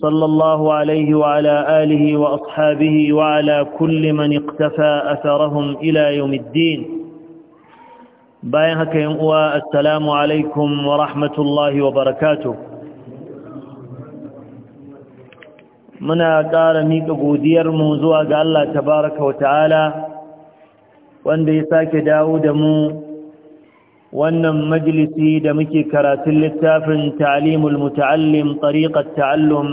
صلى الله عليه وعلى آله وأصحابه وعلى كل من اقتفى أثرهم إلى يوم الدين بايهك يمؤى السلام عليكم ورحمة الله وبركاته منا قال ميك قودير موزوع قال الله تبارك وتعالى وان بيساك داود مو wannan majalisi da muke karatun littafin ta'limul muta'allim tariqat ta'allum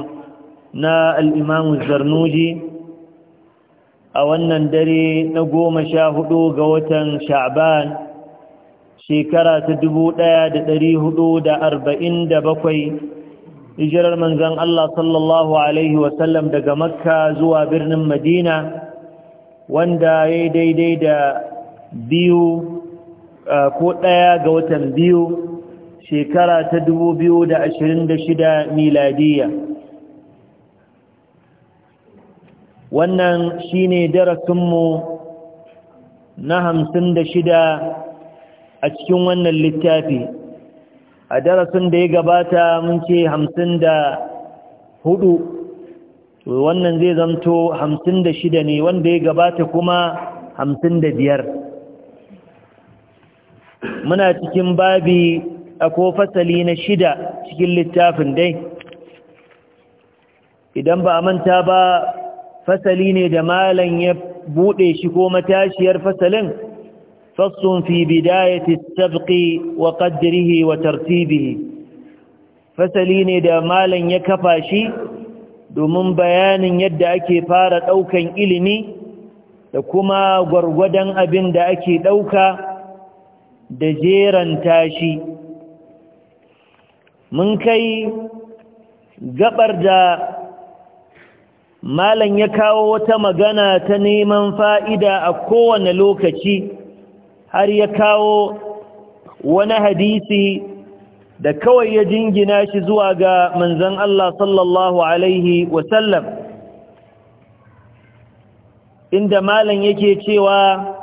na al-imam zarnuji a wannan dare na goma sha hudu ga watan sha'ban shekara ta dubu ɗaya da ɗari hudu da arba'in da bakwai hijirar manzan Allah sallallahu Alaihi wasallam daga makka zuwa birnin madina wanda ya daidai da biyu ko ɗaya ga watan biyu shekara ta dubu biyu da da shida miladiya wannan shine darasinmu na hamsin da shida a cikin wannan littafi a darasin da ya gabata mun ce hamsin da hudu wannan zai zamto hamsin da shida ne wanda ya gabata kuma hamsin da biyar muna cikin babi a ko fasali na shida cikin littafin dai idan ba a manta ba fasali ne da malan ya buɗe shi ko matashiyar fasalin fasun fi bidayati sabqi wa qadrihi wa tartibihi fasali ne da malan ya kafa shi domin bayanin yadda ake fara ɗaukan ilimi da kuma gwargwadon abin da ake ɗauka da jeranta shi mun kai gabar da malam ya kawo wata magana ta neman fa'ida a kowane lokaci har ya kawo wani hadisi da kawai ya jingina shi zuwa ga manzan Allah sallallahu Alaihi wasallam inda malam yake cewa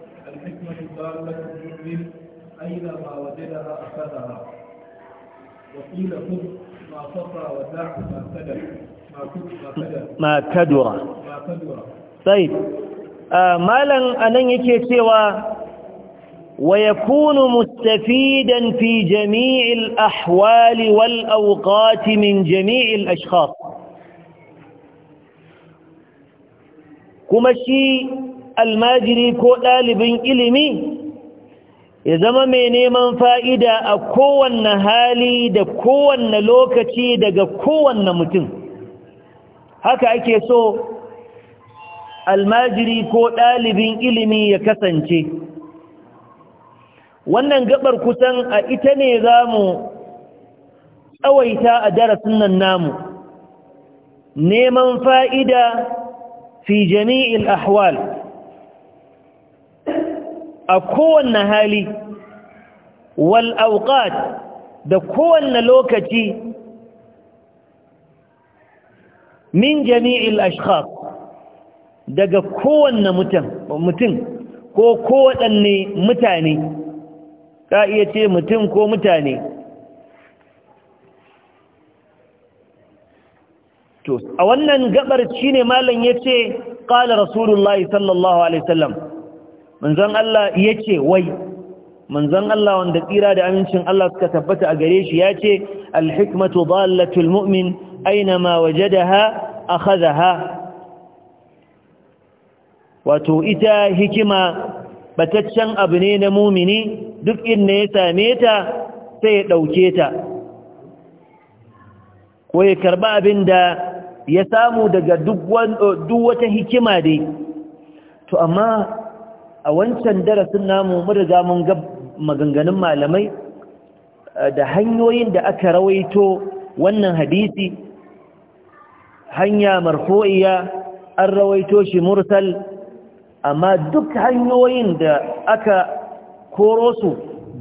الحكمة ضالة المؤمن أينما وجدها أخذها وقيل خذ ما صفى ودع ما كدر ما كدر ما كدر طيب آه، مالا أنا يكي سوى ويكون مستفيدا في جميع الأحوال والأوقات من جميع الأشخاص kuma almajiri ko ɗalibin ilimi ya zama mai neman fa'ida a kowanne hali da kowanne lokaci daga kowanne mutum haka ake so almajiri ko ɗalibin ilimi ya kasance wannan gabar kusan a ita ne za mu tsawaita a darasin nan namu neman fa'ida fi jami'il ahwal a kowanne hali wal auqat da kowanne lokaci min jami'il ashkhas daga kowanne mutum ko kowanne mutane ka iya ce mutum ko mutane to a wannan gabar shine malam yace qala rasulullahi sallallahu alaihi wasallam manzon Allah ce wai manzon Allah wanda tsira da amincin Allah suka tabbata a gare shi ya al-hikmatu dallatul mu'min aynama wajadaha akhadhaha wato ita hikima bataccen abu ne na mumini duk inda ya same ta sai ya ɗauke ta ko ya karɓi abin da ya samu daga duk wata hikima dai to amma a wancan darasin namu mun riga mun ga maganganun malamai eh, da hanyoyin da aka rawaito wannan hadisi hanya marfu'iya an rawaito shi mursal amma duk hanyoyin da aka koro su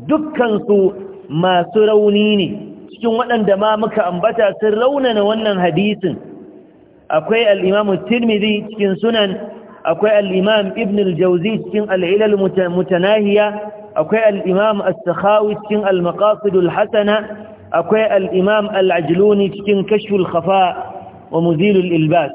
dukkansu masu rauni ne cikin waɗanda ma muka ambata sun raunana wannan hadisin akwai al'imamu tirmidhi cikin sunan akwai alimam ibn al cikin al'ilal mutanahiya akwai al-imam sakhawi cikin al Hassana. hasana akwai alimam alajiluni cikin kashf khafa wa muzil ilbas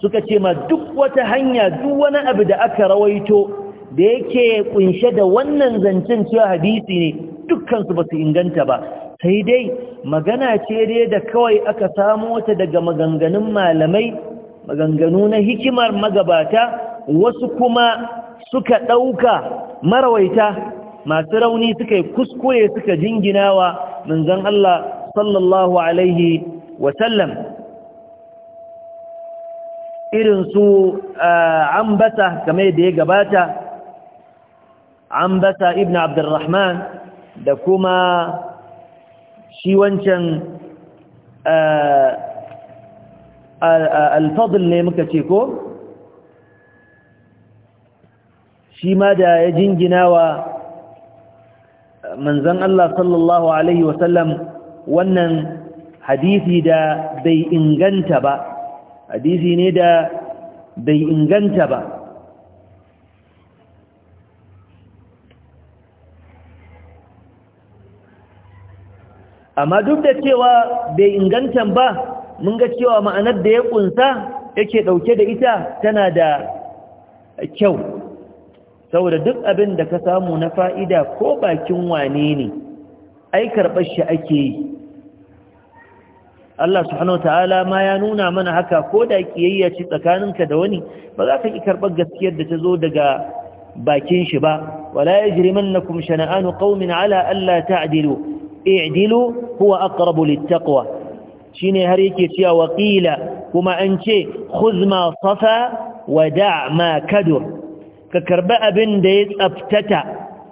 suka ce ma duk wata hanya duk wani abu da aka rawaito da yake kunshe da wannan zancen cewa hadisi ne ba su basu inganta ba sai dai magana ce dai da kawai aka samu wata daga maganganun malamai maganganu na hikimar magabata wasu kuma suka ɗauka marawaita masu rauni suka yi kuskure suka jinginawa wa manzan Allah sallallahu Alaihi wasallam su eh, ambata kamar da ya gabata ambata ibn abdurrahman da kuma shi wancan eh, alfadl ne muka ce ko shi ma da ya jingina wa manzan Allah sallallahu Alaihi wasallam wannan hadisi da bai inganta ba hadisi ne da bai inganta ba amma duk da cewa bai inganta ba mun ga cewa ma'anar da ya kunsa yake dauke da ita tana da kyau saboda duk abin da ka samu na fa'ida ko bakin wane ne ai karɓar shi ake yi Allah subhanahu ta'ala ma ya nuna mana haka ko da kiyayya ce tsakaninka da wani ba za ka ki karɓar gaskiyar da ta zo daga bakin shi ba wala yajrimannakum shana'anu qaumin ala alla ta'dilu i'dilu huwa aqrabu littaqwa shine har yake cewa waqila kuma an ce huzma safa wa da' ma kadur ka karba abin da ya tsaftata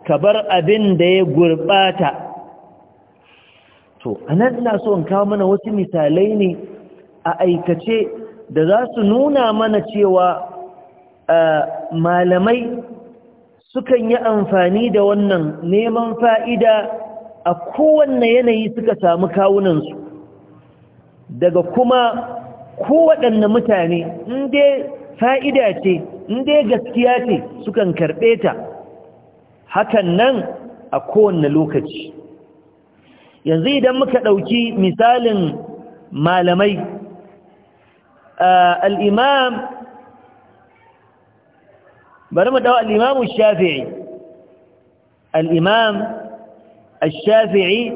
ka bar abin da ya gurbata to anan ina so in kawo mana wasu misalai ne a aikace da za su nuna mana cewa malamai sukan yi amfani da wannan neman fa'ida a kowanne yanayi suka samu kawunansu daga kuma kowaɗanne mutane inda fa'ida ce in gaskiya ce sukan karɓe ta hakan nan a kowanne lokaci yanzu idan muka ɗauki misalin malamai eh, al'imam bari mu ɗau al'imamu shafi'i al'imam الشافعي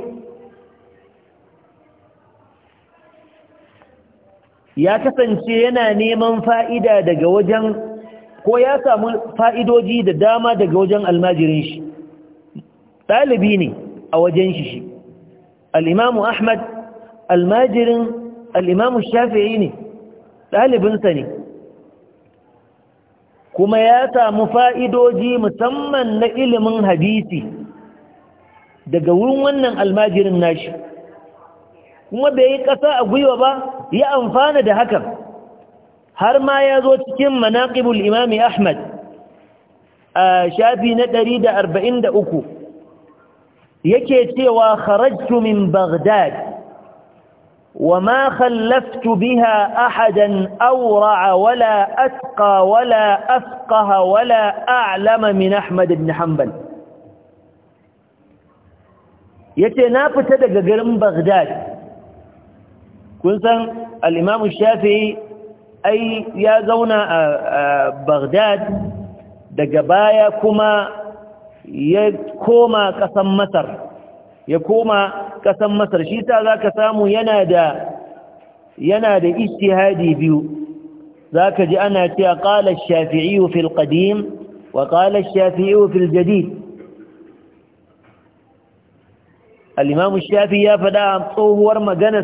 ya kasance yana neman fa'ida daga wajen ko ya samu fa'idoji da dama daga wajen almajirin shi ɗalibi ne a wajen shi shi al'imamu ahmad almajirin al'imamu shafi'i ne ɗalibinsa ne kuma ya samu fa'idoji musamman na ilimin hadisi daga wurin wannan almajirin nashi kuma bai yi ƙasa a gwiwa ba ya amfana da hakan har ma ya zo cikin manaƙibul imami ahmad a shafi na 143 yake cewa kharajtu min baghdad wa ma khallaftu biha ahadan awra'a wala atqa wala afqaha wala a'lama min ahmad ibn hanbal yace na fita daga garin baghdad kun san al-Imam Shafi'i ai ya zauna a Baghdad daga baya kuma ya koma kasan Masar ya koma kasan Masar shi ta zaka samu yana da yana da ijtihadi biyu zaka ji ana cewa a ash-Shafi'i fi al wa ƙalar ash fil jadid al shafi ya faɗa tsohuwar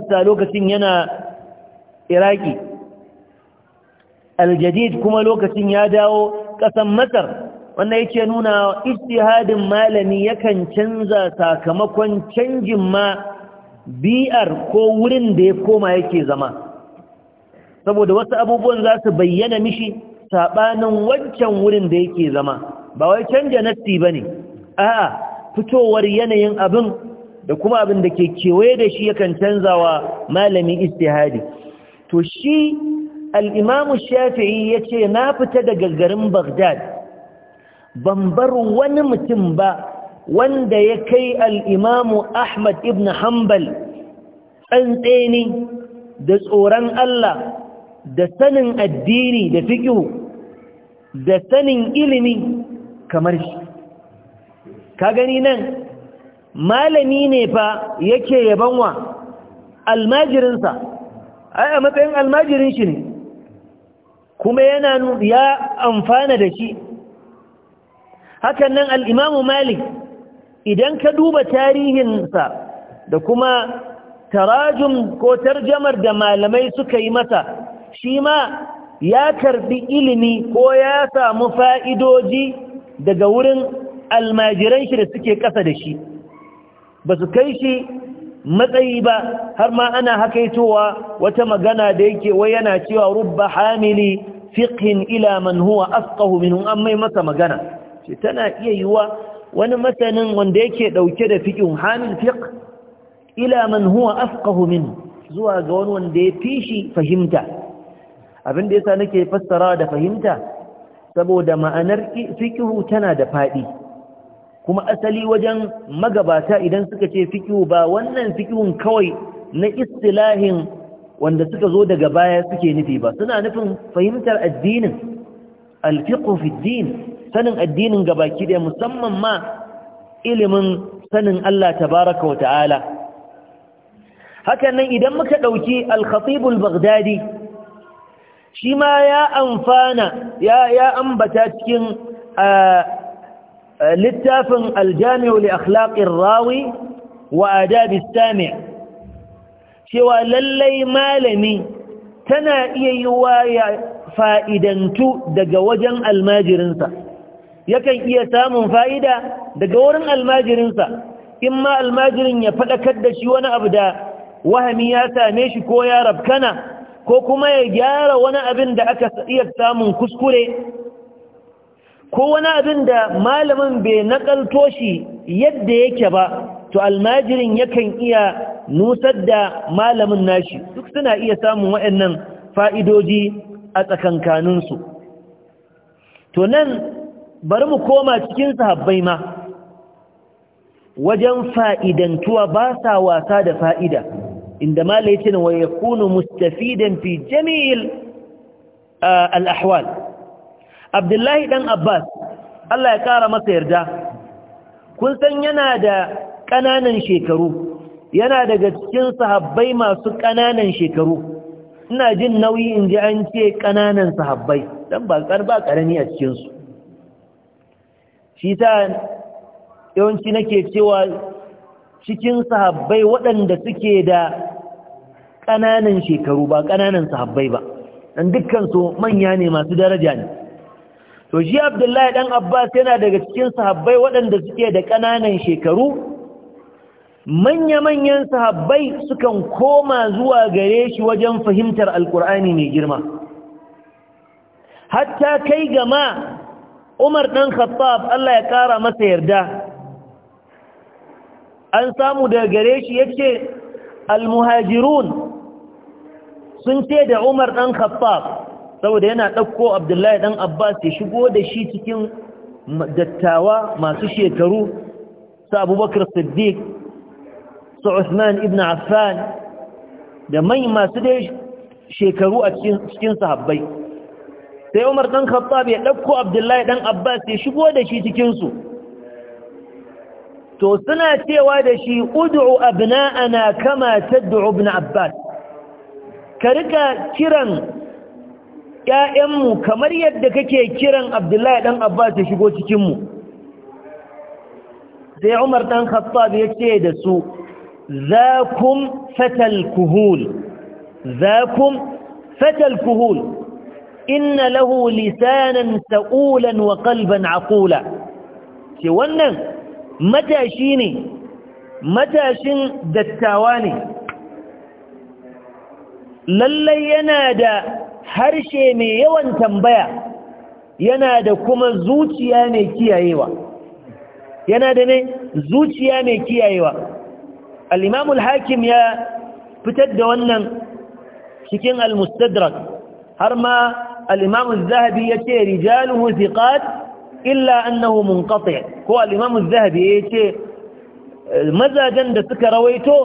sa lokacin yana iraki al kuma lokacin ya dawo ƙasan masar wannan yake nuna ijtihadin malami yakan canza sakamakon canjin ma bi'ar ko wurin da ya koma yake zama saboda wasu abubuwan za su bayyana mishi saɓanin wancan wurin da yake zama ba wai canja nassi ba ne a'a fitowar yanayin abin da kuma abin da ke kewaye da shi yakan canzawa malamin malami istihadi to shi al'imamu shafi'i ya ce na fita daga garin bagdad ban bar wani mutum ba wanda ya kai al'imamu ahmad ibn hanbal tsantseni da tsoron allah da sanin addini da fikihu da sanin ilimi kamar shi ka gani nan malami ne fa yake yaban wa almajirinsa ai a matsayin almajirin shi ne kuma yana ya amfana da shi hakan nan al'imamu malik idan ka duba tarihinsa da kuma tarajum ko tarjamar da malamai suka yi masa shi ma ya karbi ilimi ko ya samu fa'idoji daga wurin almajiran shi da suke ƙasa da shi ba su kai shi matsayi ba har ma ana hakaitowa wata magana da yake wai yana cewa rubba hamili fiqhin ila man huwa afqahu minhu amma masa magana ce tana iya yiwa wani masanin wanda yake dauke da fiqhin hamil fiqh ila man huwa zuwa ga wani wanda ya fi shi fahimta abin da yasa nake fassara da fahimta saboda ma'anar fiqhu tana da fadi kuma asali wajen magabata idan suka ce fikihu ba wannan fikihun kawai na istilahin wanda suka zo daga baya suke nufi ba suna nufin fahimtar addinin alfiqhu fi din sanin addinin gabaki da musamman ma ilimin sanin Allah tabaraka wa ta'ala Hakanan idan muka dauki al-khatib al-baghdadi shi ma ya amfana ya ya ambata cikin ah, littafin aljami'u li akhlaqir rawi wa adabis sami' cewa lallai malami tana iya yiwa ya fa'idantu daga wajen almajirinsa yakan iya samun fa'ida daga wurin almajirinsa in ma almajirin ya faɗakar da shi wani abu da wahami ya same shi ko ya rabkana ko kuma ya gyara wani abin da aka iya samun kuskure ko wani abin da malamin bai nakalto shi yadda yake ba to almajirin yakan iya nusar da malamin nashi duk suna iya samun waɗannan fa'idoji a tsakankaninsu to nan bari mu koma cikin sahabbai ma wajen fa'idantuwa ba sa wasa da fa'ida inda malai ce wa ya kunu mustafidan fi jami'il al'ahwal abdullahi dan abbas Allah ya ƙara masa yarda kun san yana da ƙananan shekaru yana daga cikin sahabbai masu ƙananan shekaru ina jin nauyi in ji an ce ƙananan sahabbai don ba ba ƙarami a cikinsu shi ta yawanci nake cewa cikin sahabbai waɗanda suke da ƙananan shekaru ba ƙananan sahabbai ba dan dukkansu manya ne masu daraja ne to shi abdullahi dan abbas yana daga cikin sahabbai waɗanda suke da ƙananan shekaru manya-manyan sahabbai sukan koma zuwa gare shi wajen fahimtar alkur'ani mai girma hatta kai gama umar ɗan khattab allah ya ƙara masa yarda an samu daga gare shi ya ce almuhajirun sun ce da umar ɗan khattab saboda yana ɗauko abdullahi ɗan abbas ya shigo da shi cikin dattawa masu shekaru su abubakar siddiq su usman ibn affan da mai masu dai shekaru a cikin sahabbai sai umar ɗan khattab ya ɗauko abdullahi ɗan abbas ya shigo da shi cikinsu to suna cewa da shi ud'u abna'ana kama tad'u ibn abbas ka rika kiran ‘ya'yanmu kamar yadda kake kiran abdullahi ɗan abbas ya shigo cikinmu sai umar ɗan khattab ya ce da su za kum fatal kuhul za kum fatal kuhul inna lahu lisanin sa'ulan wa kalban aqula ce wannan matashi ne matashin dattawa ne lallai yana da harshe mai yawan tambaya yana da kuma zuciya mai kiyayewa yana da ne zuciya mai kiyayewa Al'imamul hakim ya fitar da wannan cikin al-mustadrak har ma al zahabi ya zahabi yace rijaluhu thiqat illa annahu munqati ko al zahabi ya zahabi yace da suka rawaito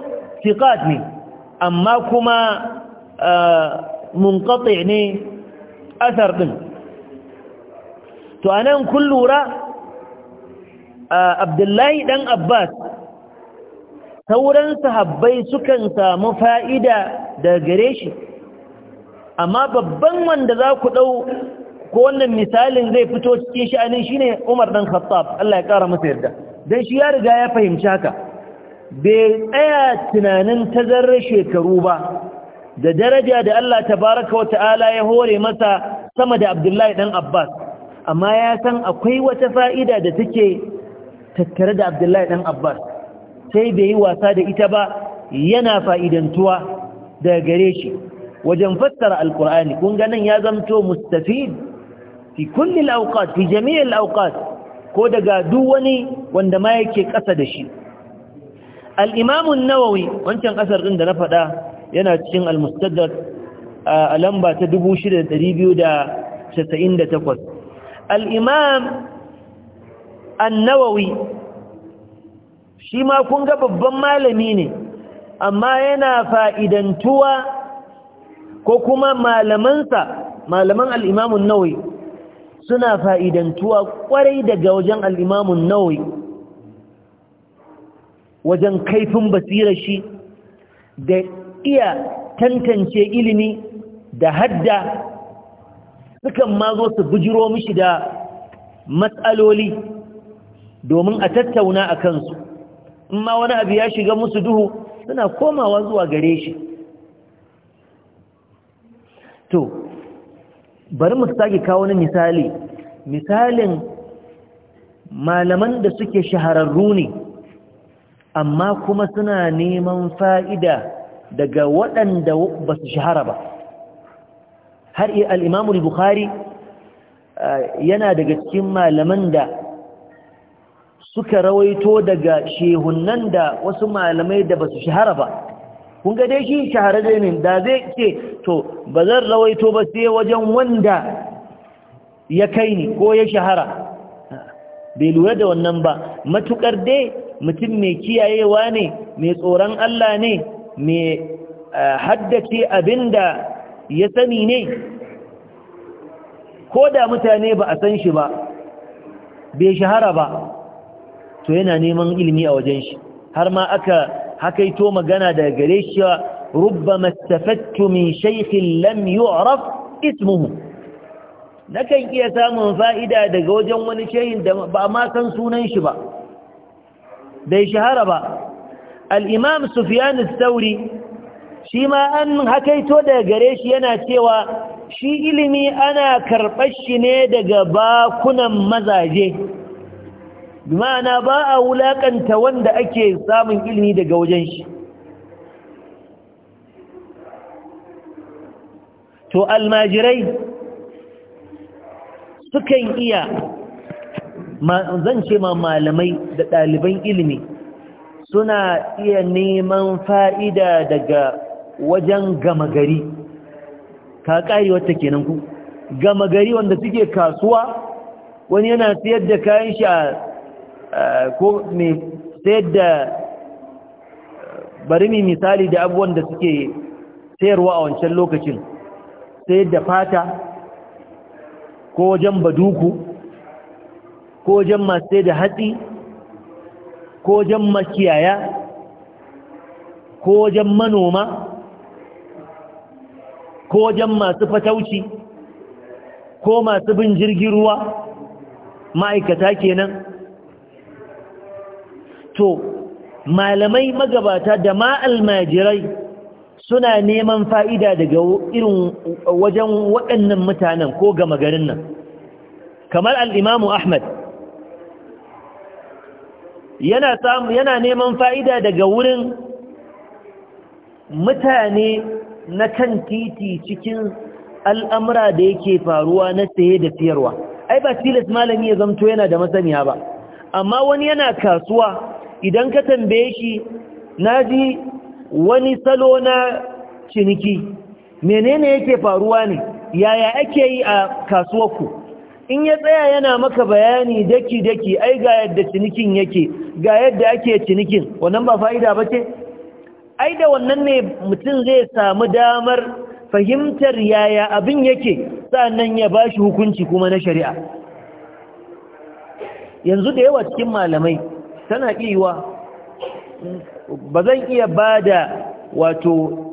thiqat ne amma kuma eh, munqati ne asar ɗin. to nan kun lura Abdullahi dan Abbas sauran sahabbai sukan samu fa'ida da gare shi amma babban wanda za ku ɗau ko wannan misalin zai fito cikin sha'anin shi ne umar ɗan khattab Allah ya ƙara masa yarda don shi ya riga ya fahimci haka bai tsaya tunanin tazarar shekaru ba da daraja da Allah tabaraka wa ta'ala ya hore masa sama da Abdullahi dan Abbas amma ya san akwai wata fa'ida da take tattare da Abdullahi dan Abbas sai bai yi wasa da ita ba yana fa'idantuwa daga gare shi wajen fassara alkur'ani kun ganin ya zamto mustafid fi kulli al-awqat fi jami' al-awqat ko daga duk wani wanda ma yake ƙasa da shi al-imam an-nawawi wancan ƙasar din da na faɗa yana cikin al a lamba ta 6298 al-imam an-nawawi shi ma kun ga babban malami ne amma yana fa'idantuwa ko kuma malamansa malaman al-imam suna fa'idantuwa kwarai daga wajen al-imam wajen kaifin basirar shi da iya tantance ilimi da hadda sukan ma zo su bujiro mishi da matsaloli domin a tattauna a kansu in ma wani abu ya shiga musu duhu suna komawa zuwa gare shi to bari mu sake kawo wani misali misalin malaman da suke shahararru ne amma kuma suna neman fa'ida daga waɗanda ba su shahara ba har iya al'imamu bukhari yana daga cikin malaman da suka rawaito daga shehunan da wasu malamai da ba su shahara ba kun ga dai shi zai ne da zai ce to ba zan rawaito ba sai wajen wanda ya kai ni ko ya shahara bai lura da wannan ba matukar dai mutum mai kiyayewa ne mai tsoron Allah ne mai eh, haddace abin da ya sani ne ko da mutane ba a san shi ba bai shahara ba to yana neman ilimi a wajen shi har ma aka hakaito magana da gare shi Ruba استفدت من شيخ لم Ismuhu? nakan iya samun fa'ida daga wajen wani shehin da ba ma san sunan shi ba bai shahara ba al'imam Sufyan Sauri shi ma an hakaito daga gare shi yana cewa shi ilimi ana karɓar shi ne daga bakunan mazaje ma'ana ba a wulaƙanta wanda ake samun ilimi daga wajen shi to almajirai sukan iya zan ce ma malamai da ɗaliban ilimi suna iya neman fa'ida daga wajen gama gari ka ƙari wata kenan ku gama gari wanda suke kasuwa wani yana sayar da kayan shi a ko mai sayar da bari mai misali da abubuwan da suke sayarwa a wancan lokacin sayar da fata ko wajen baduku ko wajen masu sayar da hatsi ko jan makiyaya ko wajen manoma ko wajen masu fatauci ko masu bin jirgin ruwa ma'aikata kenan to malamai magabata da ma almajirai suna neman fa'ida daga irin wajen waɗannan mutanen ko gama garin nan kamar al'imamu ahmad yana neman fa'ida daga wurin mutane na kan titi cikin al'amura da yake faruwa na saye da siyarwa ai ba tilas malami ya zamto yana da masaniya ba amma wani yana kasuwa idan ka tambaye shi na ji wani salo na ciniki menene yake faruwa ne yaya ake yi a kasuwarku in ya tsaya yana maka bayani daki-daki ai ga yadda cinikin yake ga yadda ake cinikin wannan ba fa'ida ba ce ai da wannan ne mutum zai samu damar fahimtar yaya abin yake sannan ya ba shi hukunci kuma na shari'a yanzu da yawa cikin malamai tana iya ba zan iya ba da wato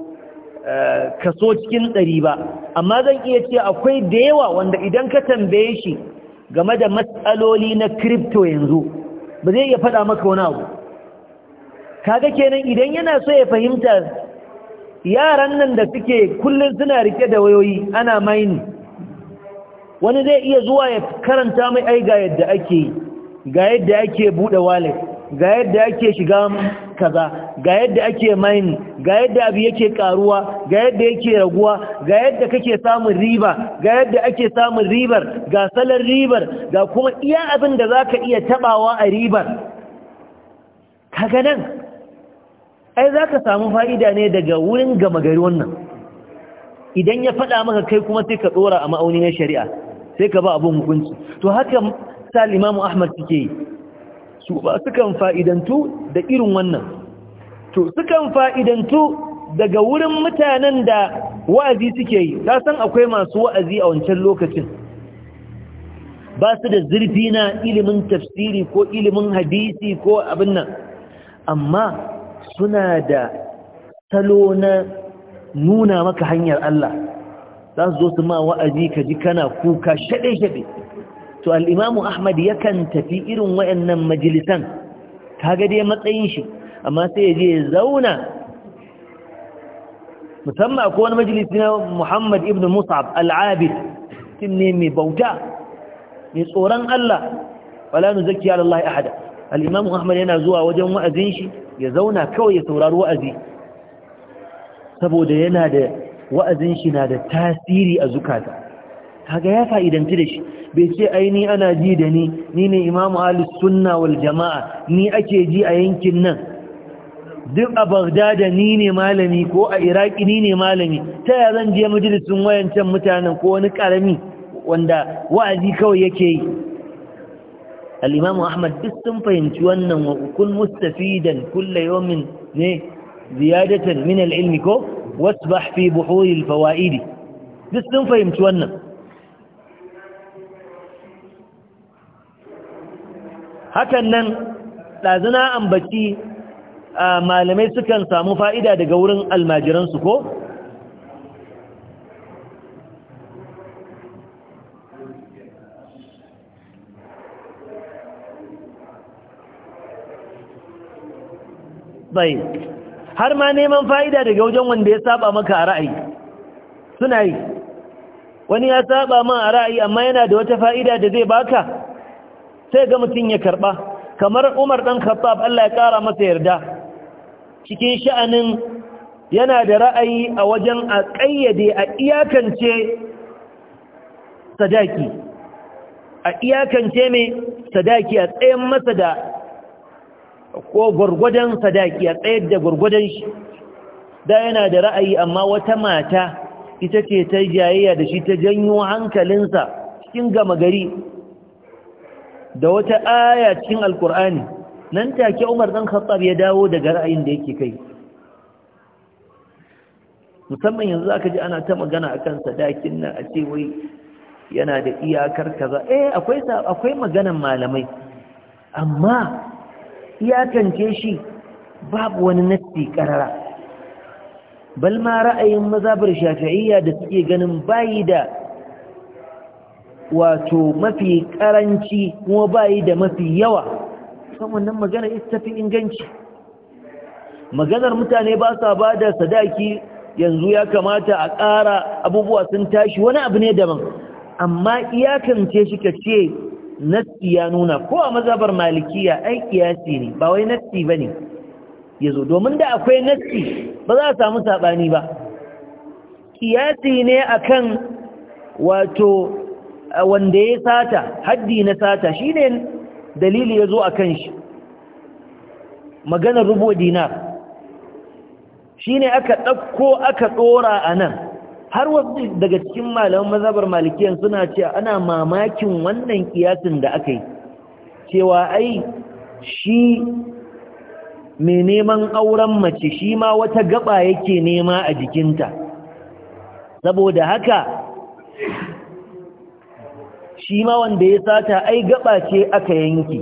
Eh, kaso cikin ɗari ba amma zan iya ce akwai da yawa wanda idan ka tambaye shi game da matsaloli na kripto yanzu ba zai iya faɗa maka wani abu kaga kenan idan yana so ya fahimta yaran nan da suke kullum suna rike da wayoyi ana maini wani zai iya zuwa ya karanta mai ai ga yadda ake ga yadda ake buɗe wallet ga yadda ake shiga kaza ga yadda ake main ga yadda abu yake karuwa ga yadda yake raguwa ga yadda kake samun riba ga yadda ake samun ribar ga salar ribar ga kuma iya abin da zaka iya tabawa a ribar kaga nan ai zaka samu fa'ida ne daga wurin gama gari wannan idan ya faɗa maka kai kuma sai ka dora a ma'auni na shari'a sai ka ba abun hukunci to haka sa imamu Ahmad suke yi su ba sukan fa'idantu da irin wannan to sukan fa'idantu daga wurin mutanen da wa'azi suke yi ta san akwai masu wa'azi a wancan lokacin ba su da zurfi na ilimin tafsiri ko ilimin hadisi ko abin nan amma suna da salo na nuna maka hanyar Allah za su zo su ma wa'azi ka ji kana kuka shaɗe-shaɗe to al'imamu ahmad yakan tafi irin wayannan majalisan kaga dai matsayin shi amma sai ya je ya zauna musamman akwai wani majalisi na muhammad ibn musab al'abid tim ne mai bauta mai tsoron allah wala nu zaki Allah ahada al ahmad yana zuwa wajen wa'azin shi ya zauna kawai ya saurari wa'azi saboda yana da wa'azin shi na da tasiri a zukata kaga ya fa'idanci da shi bai ce ai ni ana ji da ni ni ne imamu ahlus sunna wal jama'a ni ake ji a yankin nan duk a Baghdad ni ne malami ko a Iraki ni ne malami ta ya zan je majalisin wayancan mutanen ko wani karami wanda wa'azi kawai yake yi al-Imam Ahmad duk sun fahimci wannan wa kun mustafidan kullu yawmin ne ziyadatan min al-ilmi ko wasbah fi buhuri al-fawaidi duk sun fahimci wannan hakan nan ɗazina ambaci malamai sukan samu fa'ida daga wurin almajiransu ko bai har ma neman fa'ida daga wajen wanda ya saba maka a ra'ayi suna yi wani ya saba man a ra'ayi amma yana da wata fa'ida da zai baka sai ga mutum ya karɓa kamar umar ɗan khattab Allah ya kara masa yarda cikin sha'anin yana da ra'ayi a wajen a ƙayyade a iyakance sadaki a iyakance mai sadaki a tsayin masa da ko gurgudan sadaki a tsayar da gurgudan shi da yana da ra'ayi amma wata mata ita ce ta jayayya da shi ta janyo hankalinsa cikin gama gari da wata aya cikin alkur'ani nan take umar dan khattab ya dawo daga ra'ayin da yake kai musamman yanzu aka ji ana ta magana akan sadakin nan a ce wai yana da iyakar kaza eh akwai akwai maganan malamai amma iyakance shi babu wani nasti karara bal ma ra'ayin mazhabar shafi'iyya da suke ganin bayi da wato mafi karanci kuma bayi da mafi yawa Kuma wannan magana ita tafi inganci maganar mutane ba sa ba da sadaki yanzu ya kamata a ƙara abubuwa sun tashi wani abu ne daban amma iyakance shi ka ce nassi ya nuna ko a mazabar malikiya ai kiyasi ne ba wai nassi ba ne domin da akwai nassi ba za a samu saɓani ba kiyasi ne akan wato wanda ya sata haddi na sata shine dalili ya zo a kan shi maganar rubo dinar shine aka ɗauko aka ɗora a nan har wasu daga cikin malaman mazabar malikiyan suna ce ana mamakin wannan kiyasin da aka yi cewa ai shi mai neman auren mace shi ma wata gaba yake nema a jikinta saboda haka shi ma wanda ya sata ai gaba ce aka yanki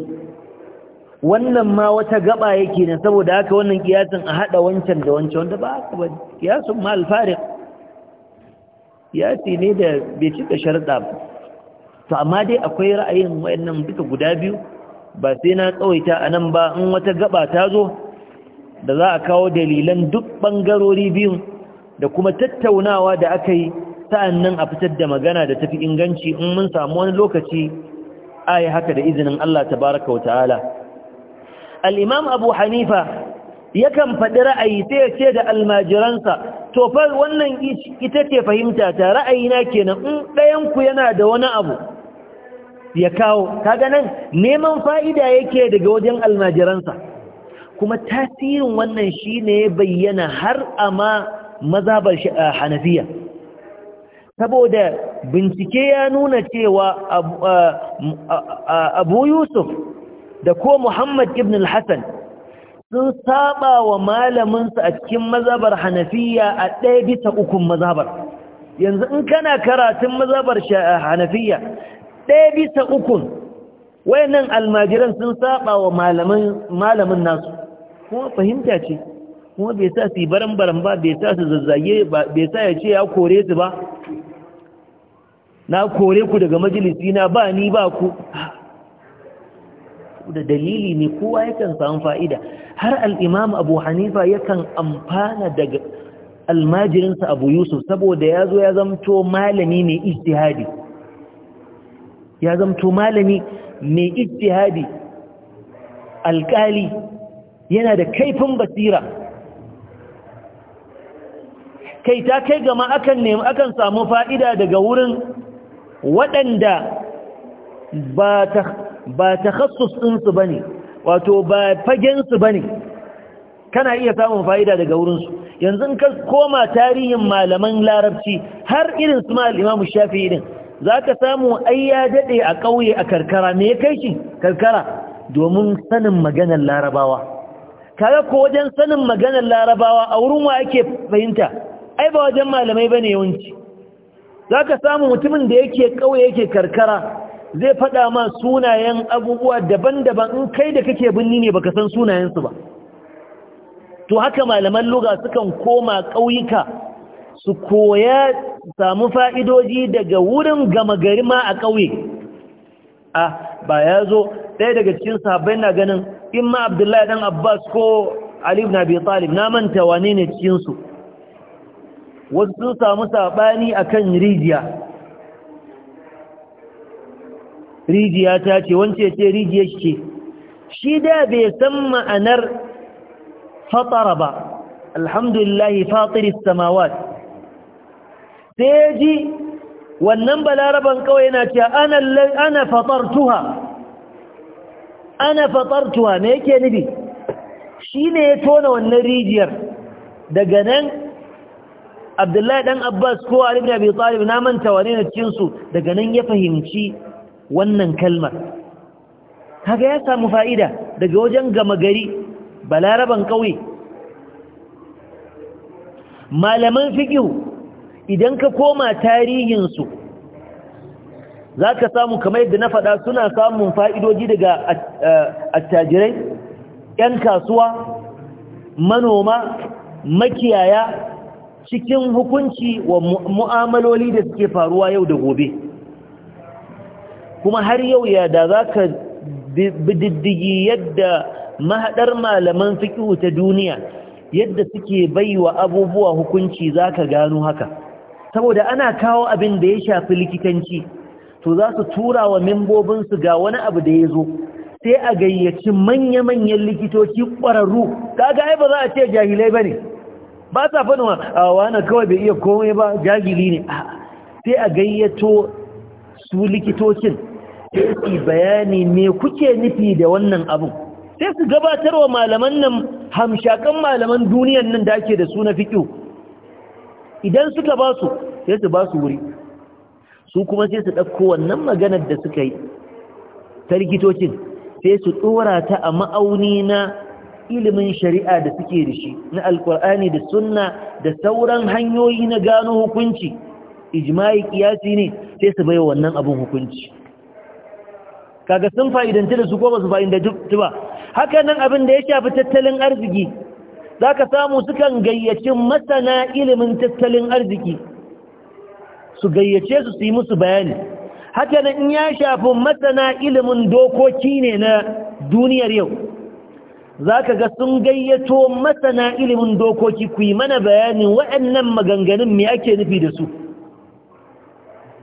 wannan ma wata gaba yake ne saboda haka wannan kiyasin a hada wancan da wancan wanda ba haka ba kiyasun ma alfarik kiyasi ne da bai cika sharda ba to amma dai akwai ra'ayin wayannan duka guda biyu ba sai na tsawaita a nan ba in wata gaba ta zo da za a kawo dalilan duk ɓangarori biyun da kuma tattaunawa da aka yi sa'an nan a fitar da magana da tafi inganci in mun samu wani lokaci a yi haka da izinin Allah tabaraka wa ta'ala al abu hanifa yakan faɗi ra'ayi sai ya ce da almajiransa to fa wannan ita ce fahimta ta ra'ayi na ke kenan in ɗayanku yana da wani abu ya kawo kaga nan neman fa'ida yake daga wajen almajiransa kuma tasirin wannan shine ya bayyana har a ma mazabar hanafiya saboda bincike ya nuna cewa abu yusuf da ko muhammad ibn al-hassan sun saba wa malaminsu a cikin mazabar hanafiya a ɗaya bisa ukun mazabar yanzu in kana karatun mazabar hanafiya ɗaya bisa ukun wayannan almajiran sun saba wa malamin nasu kuma fahimta ce kuma bai sa su yi baran-baran ba bai sa su zazzage ba bai sa ya ce ya kore su ba na kore ku daga majalisi na ba ni ba ku da dalili ne kowa yakan samu fa'ida har al'imam abu hanifa yakan amfana daga almajirinsa abu yusuf saboda ya zo ya zamto malami mai ijtihadi ya zamto malami mai ijtihadi alkali yana da kaifin basira kai ta kai gama akan samu fa'ida daga wurin waɗanda ba takhassus ɗinsu ba ne wato ba fagensu ba ne kana iya samun fa'ida daga wurinsu yanzu in ka koma tarihin malaman larabci har irin su al'imamu shafi irin za ka samu ai ya daɗe a ƙauye a karkara mai kai shi karkara domin sanin maganar larabawa kaga ko wajen sanin maganar larabawa a wurin wa ake fahimta ai ba wajen malamai ba ne yawanci za ka samu mutumin da yake ƙauye yake karkara zai faɗa ma sunayen abubuwa daban-daban in kai da kake binni ne baka san sunayensu ba to haka malaman luga sukan koma ƙauyuka su koya samu fa'idoji daga wurin gama gari ma a ƙauye a ba ya zo ɗaya daga cikin sahabbai na ganin in ma abdullahi dan abbas ko alif na biyu talib na manta wane ne cikinsu wasu sun samu saɓani a kan rijiya rijiya ta ce wance ce rijiya ce shi da bai san ma'anar fatara ba alhamdulillahi fatiris samawat sai ji wannan balaraban kawai yana ce ana tuha. ana fatartuha me yake nufi shi ne ya tona wannan rijiyar daga nan abdullahi dan abbas ko ali ibn talib na manta wane na cikin su daga nan ya fahimci wannan kalmar kaga ya samu fa'ida daga wajen gama gari balaraban ƙauye. malaman fiqh idan ka koma tarihinsu za zaka samu kamar yadda na faɗa suna samun fa'idoji daga eh, attajirai 'yan kasuwa manoma makiyaya cikin hukunci wa mu'amaloli da suke faruwa yau da gobe kuma har yau ya da za ka bididdigi yadda mahaɗar malaman fiƙihu ta duniya yadda suke baiwa abubuwa hukunci za ka gano haka saboda ana kawo abin da ya shafi likitanci to za su tura wa membobinsu ga wani abu da ya zo sai a gayyaci manya-manyan likitoci ƙwararru Ga ai ba za a ce jahilai ba ne ba sa faɗin wa a wane kawai bai iya komai ba jagili ne sai a gayyato su likitocin sai bayani me kuke nufi da wannan abin sai su gabatar wa malaman nan hamshakan malaman duniyan nan da ake da su na fiƙo idan suka ba su sai su ba su wuri su kuma sai su ɗauko wannan maganar da suka yi ta likitocin sai su ɗora ta a ma'auni na ilimin shari'a da suke da shi na alkur'ani da sunna da sauran hanyoyi na gano hukunci ijma'i kiyasi ne sai su bai wannan abin hukunci kaga sun fa'idanci da su ko ba su fa'idanci ba haka nan abin da ya shafi tattalin arziki za ka samu sukan gayyace masana ilimin tattalin arziki su gayyace su su yi musu bayani haka nan ya shafi masana ilimin dokoki ne na duniyar yau za ka ga sun gayyato masana ilimin dokoki ku yi mana bayanin waɗannan maganganun me ake nufi da su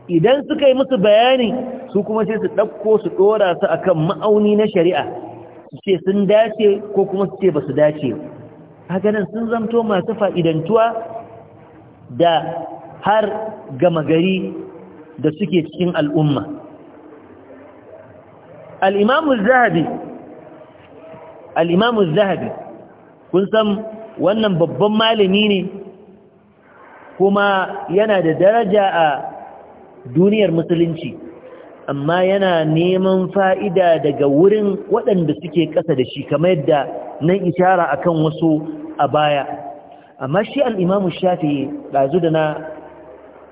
idan suka yi musu bayani su kuma sai su ɗauko su ɗora su a kan ma'auni na shari'a su ce sun dace ko kuma su ce ba su dace haganan sun zamto masu fa'idantuwa da har gama gari da suke cikin al'umma al'imamun zahabi al'imamu zahabi kun san wannan babban malami ne kuma yana da daraja a duniyar musulunci amma yana neman fa'ida daga wurin waɗanda suke ƙasa da shi kamar yadda nan ishara akan wasu a baya amma shi al'imamu shafi ɗazu da na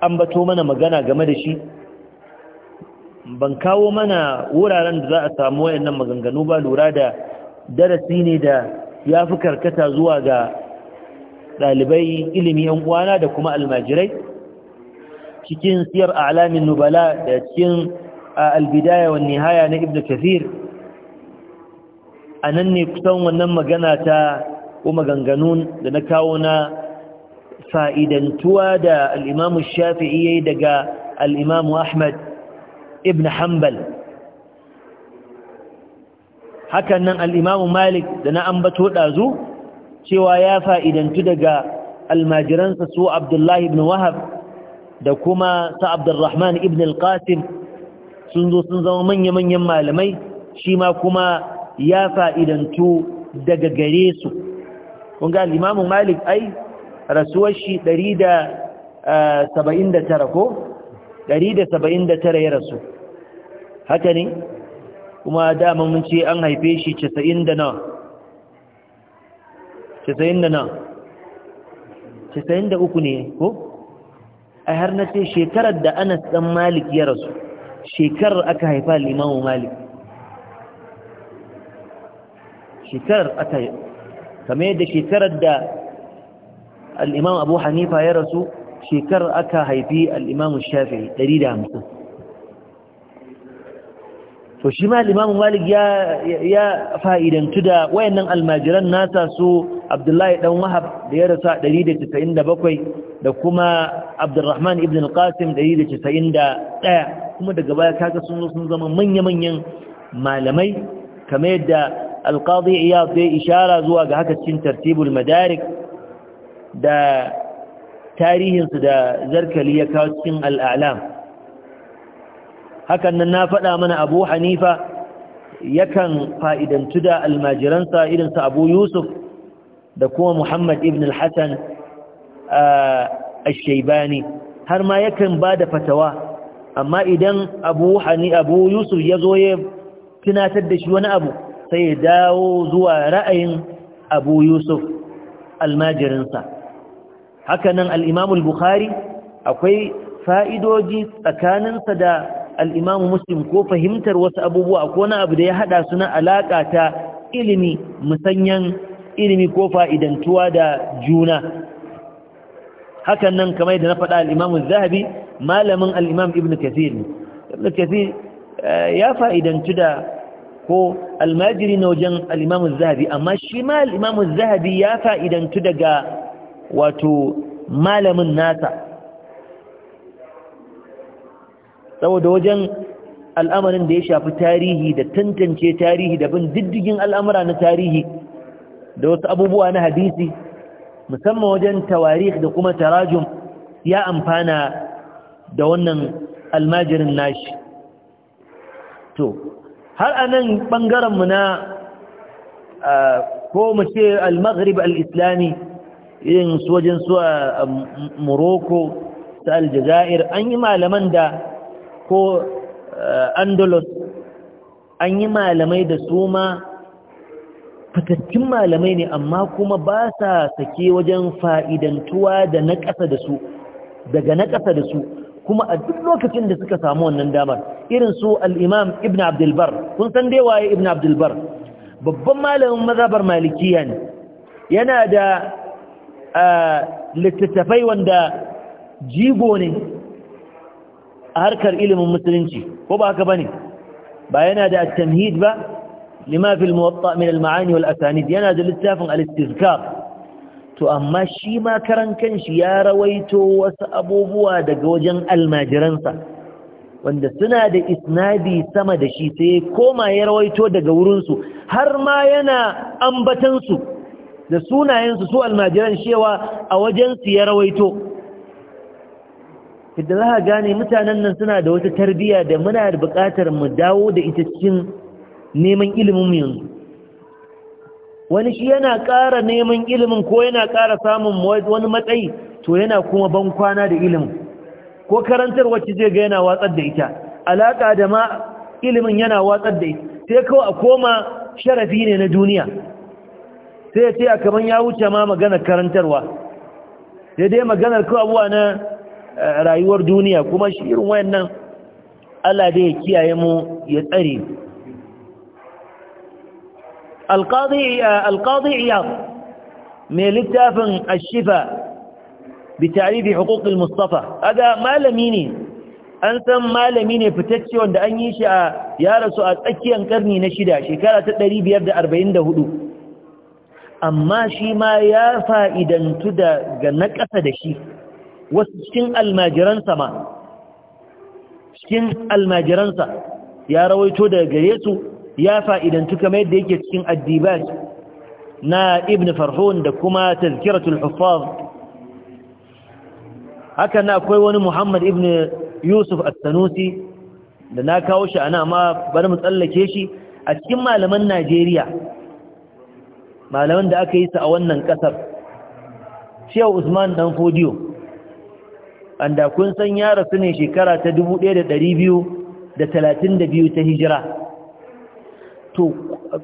ambato mana magana game da shi ban kawo mana wuraren da za a samu wayannan maganganu ba lura da darasi ne da ya fi karkata zuwa ga ɗalibai ilimi yan uwana da kuma almajirai cikin siyar alamin nubala da cikin albidaya wa nihaya na Ibn kathir a nan ne kusan wannan magana ta kuma maganganun da na kawo na fa'idantuwa da al'imamu shafi'i yayi daga al'imamu ahmad ibn hanbal hakan nan al'imamu malik da na ambato ɗazu cewa ya fa'idantu daga almajiransa su abdullahi ibn wahab da kuma sa Rahman ibn al-qasim sun zo sun zama manya-manyan malamai shi ma kuma ya fa'idantu daga gare su ƙunga al'imamu malik ai rasuwar shi 179 eh, ko 179 ya rasu haka ne kuma dama mun ce an haife shi casa'in da nan ne ko a har na ce shekarar da anas ɗan malik ya rasu shekarar aka haifa limamu malik shekarar aka yi kamar shekarar da al'imam abu hanifa ya rasu shekarar aka haifi al'imamun shafi'i 150 to shi ma limamin malik ya fa'idantu da wayannan almajiran nasa su abdullahi dan wahab da ya rasa 197 da kuma abdurrahman ibn al-qasim 191 kuma daga baya kaga sun sun zama manya-manyan malamai kamar yadda alqadi iyad ya ishara zuwa ga haka cikin tartibul madarik da tarihinsu da zarkali ya kawo cikin al'alam hakan nan na faɗa mana abu hanifa yakan fa'idantu da almajiransa irinsa abu yusuf da kuma muhammad ibn al-hassan al-shaibani har ma yakan ba da fatawa amma idan abu hani abu yusuf ya zo ya tunatar da shi wani abu sai ya dawo zuwa ra'ayin abu yusuf almajirinsa hakanan al'imamul bukari akwai fa'idoji tsakaninsa da al'imamu muslim ko fahimtar wasu abubuwa ko na abu da ya haɗa su na alaƙa ta ilimi musanyan ilimi ko fa'idantuwa da juna hakan nan kamar da na faɗa al'imamu zahabi malamin al'imam ibn kathir ibn kathir eh, ya fa'idantu da ko almajiri na wajen al'imamu zahabi amma shi ma al'imamu zahabi ya fa'idantu daga wato malamin nasa saboda wajen al'amarin da ya shafi tarihi da tantance tarihi da bin diddigin al'amura na tarihi da wasu abubuwa na hadisi musamman wajen tawarih da kuma tarajum ya amfana da wannan almajirin nashi to har anan nan mu na ko mu ce al-maghrib al-islami irin su wajen su a morocco ta aljazair an yi malaman da ko eh, andalus an yi malamai da su ma fitattun malamai ne amma kuma ba sa sake wajen fa'idantuwa da na ƙasa da su daga na ƙasa da su kuma a duk lokacin da suka samu wannan damar irin su al'imam ibn abdulbar kun san dai waye ibn abdulbar babban malamin mazabar malikiya ne yana da eh, littattafai wanda jigo ne a harkar ilimin musulunci ko ba haka bane ba yana da at-tamhid ba lima fil muwatta min al-ma'ani wal asanid yana da littafin al-istizkar to amma shi ma karan kanshi ya rawaito wasu abubuwa daga wajen almajiransa wanda suna da isnadi sama da shi sai koma ya rawaito daga wurinsu har ma yana ambatansu da sunayensu su almajiran cewa a wajen su ya rawaito da za a gane mutanen nan suna da wata tarbiyya da muna da buƙatar mu dawo da ita cikin neman ilimin yanzu wani shi yana ƙara neman ilimin ko yana ƙara samun wani matsayi to yana kuma ban kwana da ilimin ko karantar wacce zai ga yana watsar da ita alaƙa da ma ilimin yana watsar da ita sai kawai a koma sharafi ne na duniya sai ce a kaman ya wuce ma maganar karantarwa sai dai maganar kawai abuwa na rayuwar duniya kuma shi irin wayannan Allah da ya kiyaye mu ya tsare eh, alqadi iyad mai littafin ashifa bi ta'rifi huquq mustafa aga malami ne an san malami ne fitacce wanda an yi shi a ya rasu a tsakiyar karni na shida shekara ta 544 amma shi ma ya fa'idantu daga na ƙasa da shi wasu cikin almajiransa ma cikin almajiransa ya rawaito daga gare su ya fa'idantu kamar yadda yake cikin addibaj na ibn farhun da kuma tazkiratul huffaz haka na akwai wani muhammad ibn yusuf at sanusi da na kawo shi ana ma bari mu tsallake shi a cikin malaman najeriya malaman da aka yi su a wannan kasar shehu usman Danfodiyo. fodiyo wanda kun san ya rasu ne shekara ta 1232 ta hijira to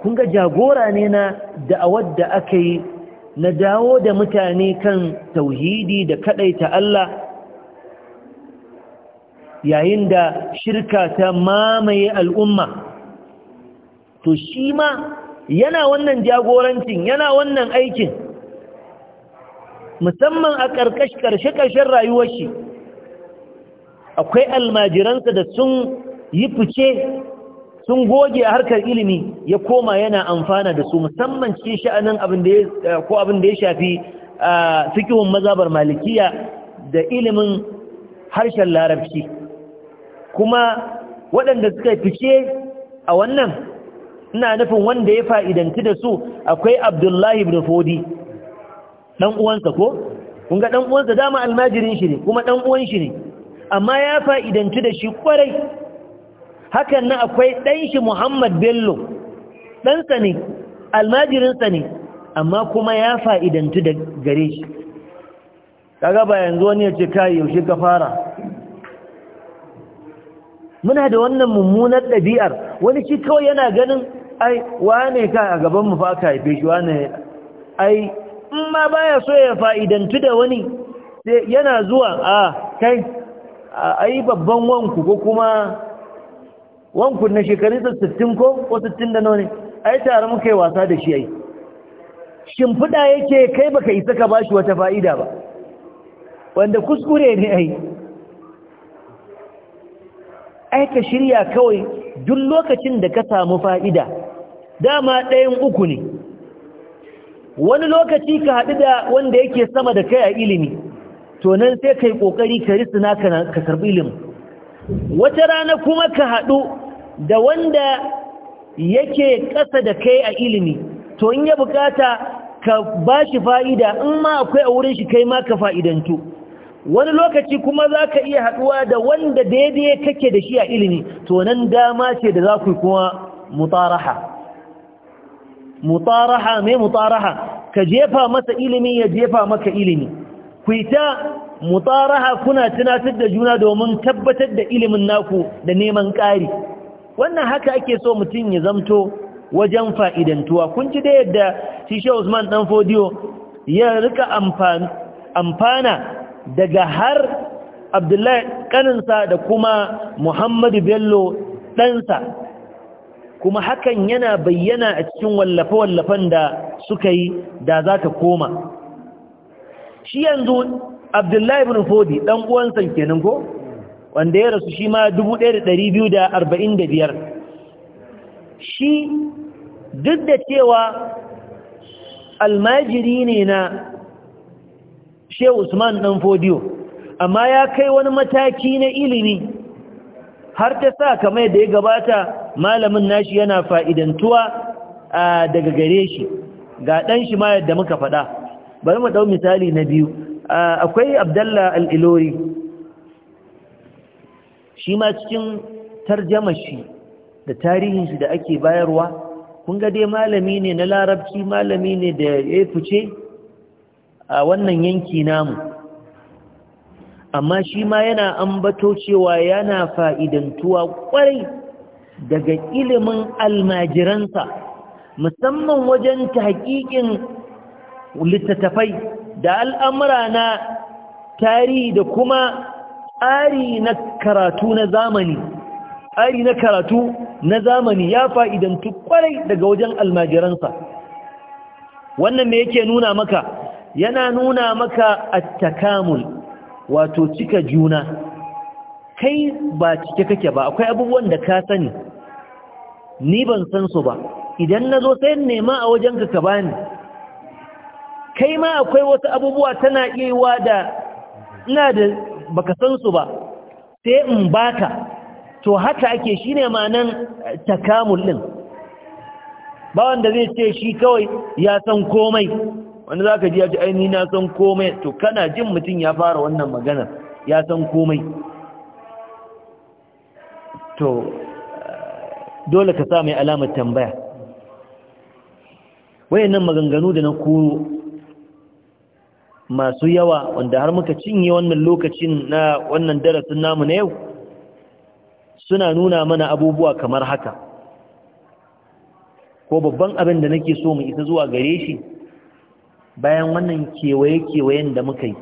kun ga jagora ne na da'awar da aka yi na dawo da mutane kan tauhidi da kadaita Allah yayin da shirka ta mamaye al'umma to shi ma yana wannan jagorancin yana wannan aikin musamman a ƙarƙashin rayuwar shi akwai almajiransa da sun yi fice sun goge a harkar ilimi ya koma yana amfana da su musamman cikin sha'anin abin da ya eh, shafi eh, fikihun mazabar malikiya da ilimin harshen larabci kuma waɗanda suka fice a wannan ina nufin wanda ya fa'idanci da su akwai abdullahi ibn fodi ɗan uwansa ko? kunga ɗan dama almajirin shi ne kuma ɗan shi ne amma ya fa'idanci da shi kwarai hakan na akwai ɗan shi Muhammad Bello ɗansa ne almajirinsa ne amma kuma ya fa'idantu da gare shi kaga ba yanzu wani ya ce kai yaushe ka fara muna da wannan mummunar ɗabi'ar wani shi kawai yana ganin ai wane ka a gaban mu fa ka haife shi ai in ma baya so ya fa'idantu da wani yana zuwa a ah, kai yi babban wanku ko kuma wanku na shekaru da 60 ko ko 60 da nawa ne ai tare muka yi wasa da shi ai shimfiɗa yake kai baka isa ka bashi wata fa'ida ba wanda kuskure ne ai ai ka shirya kawai duk lokacin da ka samu fa'ida dama ɗayan uku ne wani lokaci ka haɗu da wanda yake sama da kai a ilimi to nan sai kai ƙoƙari ka risina ka karbi ilimi wata rana kuma ka haɗu da wanda yake ƙasa da kai a ilimi to in ya bukata ka ba shi fa'ida in ma akwai a wurin shi kai ma ka fa'idantu wani lokaci kuma za ka iya haɗuwa da wanda daidai kake da shi a ilimi to nan dama ce da za ku kuma mutaraha mutaraha mai mutaraha ka jefa masa ilimi ya jefa maka ilimi ku yi ta mutaraha kuna tunatar da juna domin tabbatar da ilimin naku da neman ƙari wannan haka ake so mutum ya zamto wajen fa'idantuwa kun ci da yadda shishe usman ɗan fodiyo ya rika amfana daga har abdullahi ƙaninsa da kuma muhammadu bello ɗansa kuma hakan yana bayyana a cikin wallafe-wallafen da suka yi da za ta koma shi yanzu abdullahi ibn fodi ɗan uwansa kenan ko wanda ya rasu shi ma 1245 shi duk da cewa almajiri ne na shehu usman ɗan fodiyo amma ya kai wani mataki na ilimi har ta sa kamar da ya gabata malamin nashi yana fa'idantuwa daga gare shi ga ɗan shi ma yadda muka faɗa bari mu dau misali na biyu akwai abdalla al-ilori shi ma cikin tarjama shi da tarihin shi da ake bayarwa kun ga dai malami ne na larabci malami ne da ya fice a wannan yanki namu amma shi ma yana ambato cewa yana fa'idantuwa kwarai daga ilimin almajiransa musamman wajen ta littattafai da al'amura na tarihi da kuma tsari na karatu na zamani tsari na karatu na zamani ya fa'idantu kwarai daga wajen almajiransa wannan me yake nuna maka yana nuna maka attakamul wato cika juna kai ba cike kake ba akwai abubuwan da ka sani ni ban san su ba idan na zo sai nema a wajenka ka bani kai ma akwai wasu abubuwa tana iya da ina da baka san su ba sai in baka to haka ake shine ma'anan takamul din ba wanda zai ce shi kawai ya san komai wanda zaka ji ya na san komai to kana jin mutum ya fara wannan magana ya san komai to dole ka sa mai alamar tambaya wayannan maganganu da na koro masu yawa wanda har muka cinye wannan lokacin na wannan darasin namu na yau suna nuna mana abubuwa kamar haka ko babban abin da nake so mu isa zuwa gare shi bayan wannan kewaye-kewayen da muka yi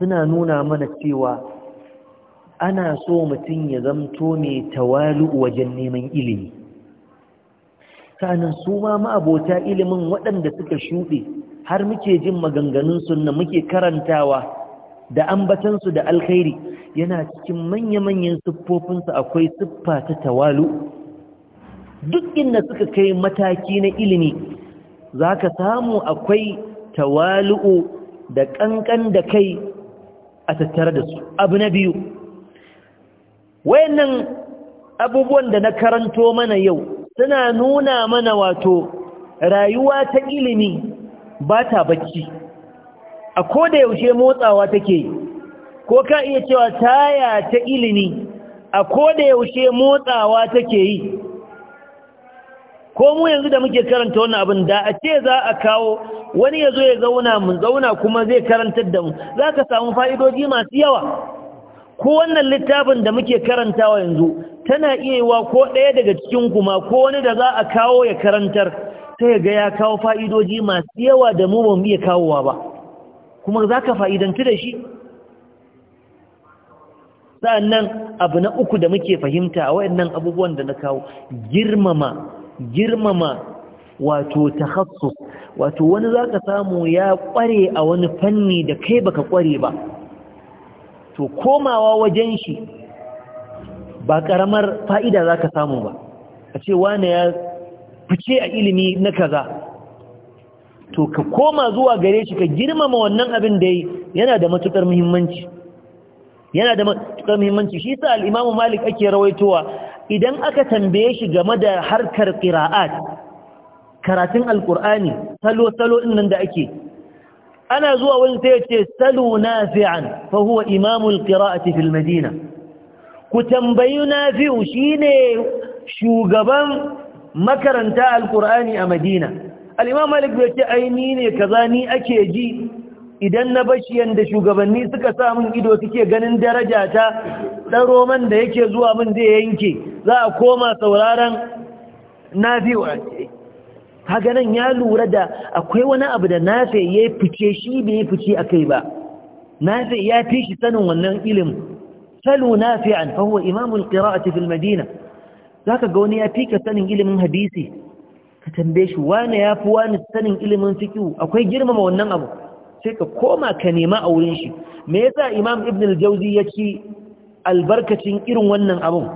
suna nuna mana cewa ana so mutum ya zamto mai tawalu wajen neman ilimi sanin su ma ma'abota ilimin waɗanda suka shuɗe har muke jin maganganun sunna muke karantawa da ambatansu da alkhairi yana cikin manya-manyan siffofinsu akwai siffa ta tawalu duk inda suka kai mataki na ilimi za ka samu akwai tawalu'u da ƙanƙan da kai a tattare da su abu na biyu wayannan abubuwan da na karanto mana yau suna nuna mana wato rayuwa ta ilimi ba ta bacci a da yaushe motsawa take ko ka iya cewa taya ta ilimi a da yaushe motsawa take yi ko mu yanzu da muke karanta wannan abin da a ce za a kawo wani ya zo ya zauna mun zauna kuma zai karantar da mu za ka samu fa'idodi masu yawa ko wannan littafin da muke karantawa yanzu tana iya yiwa ko ɗaya daga cikin kuma ko wani da za a kawo ya karantar sai ga ya kawo fa'idoji masu yawa da mu ba mu iya kawowa ba kuma za ka fa'idantu da shi sa'annan abu na uku da muke fahimta a waɗannan abubuwan da na kawo girmama girmama wato tahassus wato wani za ka samu ya ƙware a wani fanni da kai baka ƙware ba to komawa wajen shi ba ƙaramar fa'ida za ka samu ba a ce wane ya fice a ilimi na kaza to ka koma zuwa gare shi ka girmama wannan abin da yi yana da matukar muhimmanci yana da matukar muhimmanci shi sa al-Imam Malik ake rawaitowa idan aka tambaye shi game da harkar qira'at karatun alqur'ani salo salo din nan da ake ana zuwa wani sai ya ce salu nafi'an fa huwa imamul qira'ati fil madina ku tambayi nafi'u shine shugaban makaranta alkur'ani a madina al'imam malik bai ce ai ni ne kaza ni ake ji idan na bashi yanda shugabanni suka sa mun ido suke ganin daraja ta dan roman da yake zuwa min zai yanke za a koma sauraron nafi'u kaga nan ya lura da akwai wani abu da nafi ya fice shi bai fice akai ba nafi ya fi shi sanin wannan ilimin salu nafi'an fa huwa imamul qira'ati fil madina za ka ga wani ya fi ka sanin ilimin hadisi ka tambaye shi wane ya fi wani sanin ilimin fikihu akwai girmama wannan abu sai ka koma ka nema a wurin shi me yasa imam ibn al-jawzi ya ci albarkacin irin wannan abun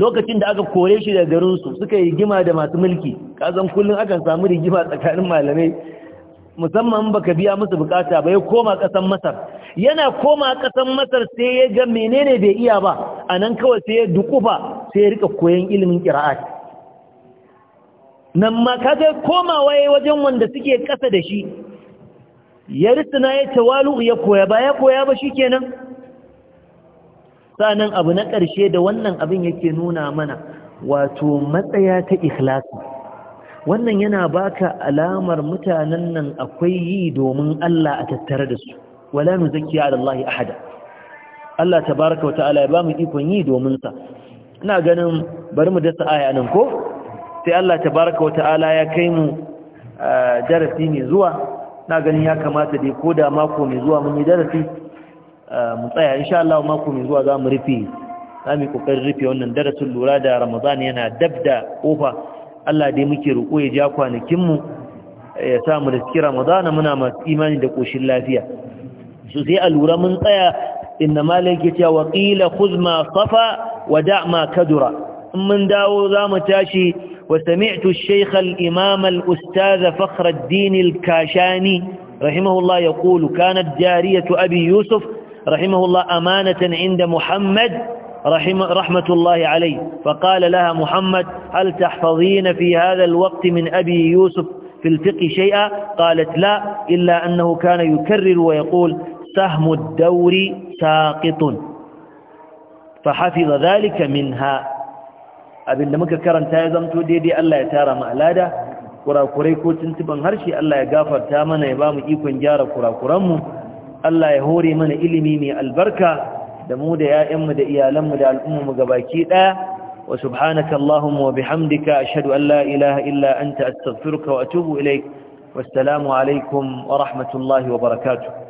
lokacin da aka kore shi daga su suka yi rigima da masu mulki kazan kullum akan samu rigima tsakanin malamai musamman baka biya musu bukata ba ya koma kasan masar yana koma kasan masar sai ya ga menene bai iya ba a nan kawai sai ya dukufa sai ya rika koyon ilimin ƙira'at nan ma kaga komawa ya wajen wanda suke ƙasa da shi ya risina ya tawalu ya koya ba ya koya ba shi kenan sanan abu na ƙarshe da wannan abin yake nuna mana wato matsaya ta ikhlasi wannan yana baka alamar mutanen nan akwai yi domin Allah a tattare da su wala Zakiya ala Allah ahada Allah tabaraka wa ta'ala ya ba mu ikon yi domin sa ina ganin bari mu dasa aya nan ko sai Allah tabaraka wa ta'ala ya kai mu darasi ne zuwa ina ganin ya kamata dai koda mako mai zuwa mun yi darasi mu tsaya insha Allah mako mai zuwa za mu rufe za mu kokarin rufe wannan darasin lura da Ramadan yana da ƙofa. Allah dai muke roƙo ya ja kwanakin mu ya samu da cikin Ramadan muna masu imani da koshin lafiya su sai a lura mun tsaya إنما لقيت وقيل خذ ما صفى ودع ما كدر من داو ذام تاشي وسمعت الشيخ الإمام الأستاذ فخر الدين الكاشاني رحمه الله يقول كانت جارية أبي يوسف رحمه الله أمانة عند محمد رحم رحمة الله عليه فقال لها محمد هل تحفظين في هذا الوقت من أبي يوسف في الفقه شيئا قالت لا إلا أنه كان يكرر ويقول سهم الدور ساقط فحفظ ذلك منها abinda muka karanta ya zamto daidai Allah ya tara mu alada kurakurai ko tuntuban harshe Allah ya gafarta mana ya bamu ikon gyara kurakuran mu Allah ya hore mana ilimi mai albarka da mu da ƴaƴan mu da iyalan mu da al'ummu mu gabaki daya wa subhanaka allahumma wa bihamdika ashhadu an la ilaha illa anta astaghfiruka wa atubu ilaik wassalamu alaikum wa rahmatullahi wa barakatuh